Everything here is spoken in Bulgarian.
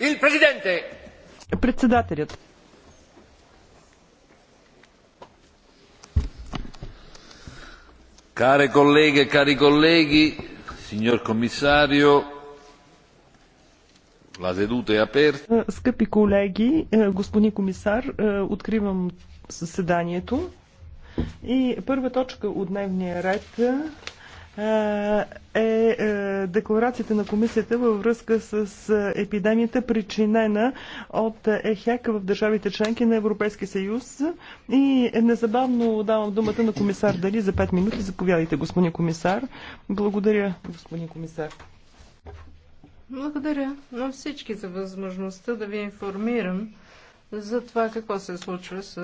Il Presidente! Председателят. Care колеги, кари колеги, сеньор комисарио, la seduta е aperta. Скъпи колеги, е, господин комисар, е, откривам съседанието. И първа точка от дневния ред е, е декларацията на комисията във връзка с епидемията, причинена от ЕХЕК в държавите членки на Европейския съюз. И незабавно давам думата на комисар Дали за 5 минути. Заповядайте, господин комисар. Благодаря, господин комисар. Благодаря на всички за възможността да ви информирам за това какво се случва с